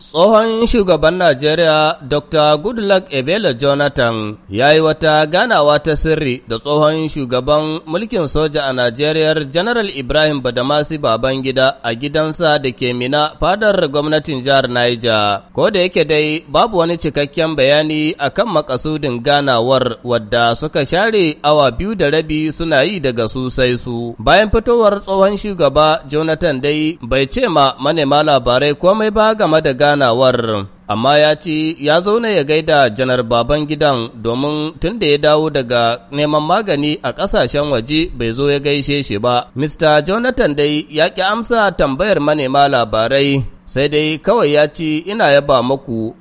Tsohon shugaban Najeriya Dr. Goodluck Ebele Jonathan ya yi wata ganawa ta sirri da tsohon shugaban mulkin soja a Najeriya General Ibrahim Badamasi Babangida a gidansa da ke mina fadar gwamnatin jihar Niger. Ko da yake dai babu wani cikakken bayani akan makasudin ganawar wadda suka share awa biyu da rabi suna yi daga su sai su. Bayan fitowar tsohon shugaba Jonathan dai bai ce ma manema labarai komai ba game da ganawar amma ya ci ya zauna ya gaida janar baban gidan domin tun da ya dawo daga neman magani a ƙasashen waje bai zo ya gaishe shi ba. Mr. Jonathan dai ya ƙi amsa tambayar manema labarai sai dai kawai ya ci ina yaba maku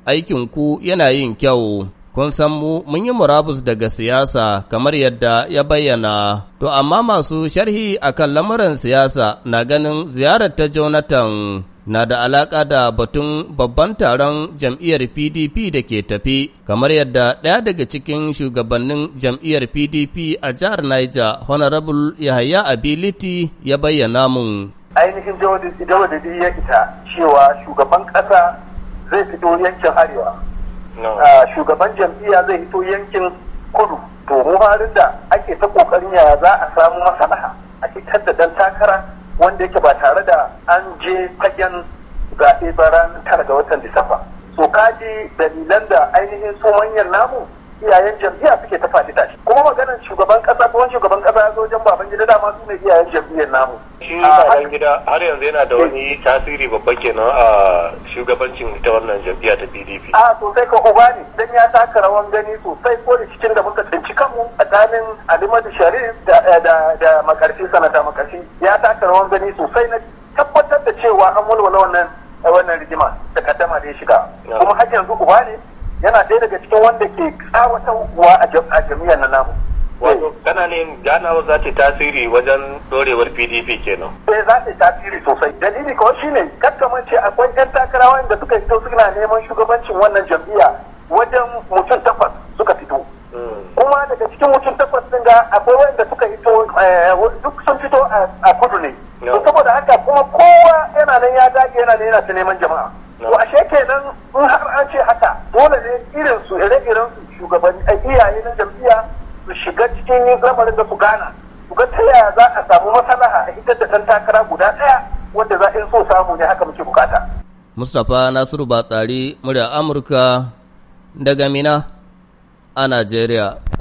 ku yana yin kyau. kun san mu mun yi murabus daga siyasa kamar yadda ya bayyana. To amma masu sharhi akan lamuran siyasa na ganin ziyarar ta Jonathan na da alaƙa da batun babban taron jam'iyyar PDP da ke tafi, kamar yadda ɗaya daga cikin shugabannin jam'iyyar PDP a jihar Niger, Honorable Yahaya Ability ya bayyana mun. Ainihin jawadadi ya ita cewa shugaban ƙasa zai fito yankin arewa, ah, shugaban jam'iyya zai fito yankin kudu, to mu da ake ta ƙoƙarin yaya za a samu masana'a a fitar da ɗan takara wanda yake ba tare da an je fagen zaɓe ba ranar tara ga watan disamba so kaji dalilan da ainihin su manyan namu iyayen jam'iyya suke ta faɗi tashi kuma maganar shugaban ƙasa ko shugaban ƙasa ya zo wajen baban gida dama su ne iyayen jam'iyyar namu shi gida har yanzu yana da wani tasiri babba kenan a shugabancin ita wannan jam'iyya ta PDP a sosai ka uba ne dan ya taka rawan gani sosai ko da cikin da muka tsakanin alimadu sharif eh, da makarfi sanata makarfi ya taka rawan gani sosai na tabbatar da cewa an walwala wannan eh, wannan rigima da kaddama da ya shiga kuma har yanzu uba ne yana ɗaya daga cikin wanda ke wa a jami'ar na namu wato kana ne ganawa za ta tasiri wajen dorewar pdp kenan eh za ta tasiri sosai dalili kawai shine ce akwai yan takarawa da suka fito suna neman shugabancin wannan jam'iyya wajen mutum takwas sun fito a kudu ne saboda haka kuma kowa yana nan ya dage yana nan yana ta neman jama'a to ashe kenan in har an ce haka dole ne irin su ire-iren su shugabanni a iyaye na jam'iyya su shiga cikin lamarin da su gana su ga ta yaya za a samu maslaha a ita da ɗan takara guda ɗaya wanda za in so samu ne haka muke bukata. Mustapha Nasiru Batsari, murya Amurka daga Mina a Najeriya.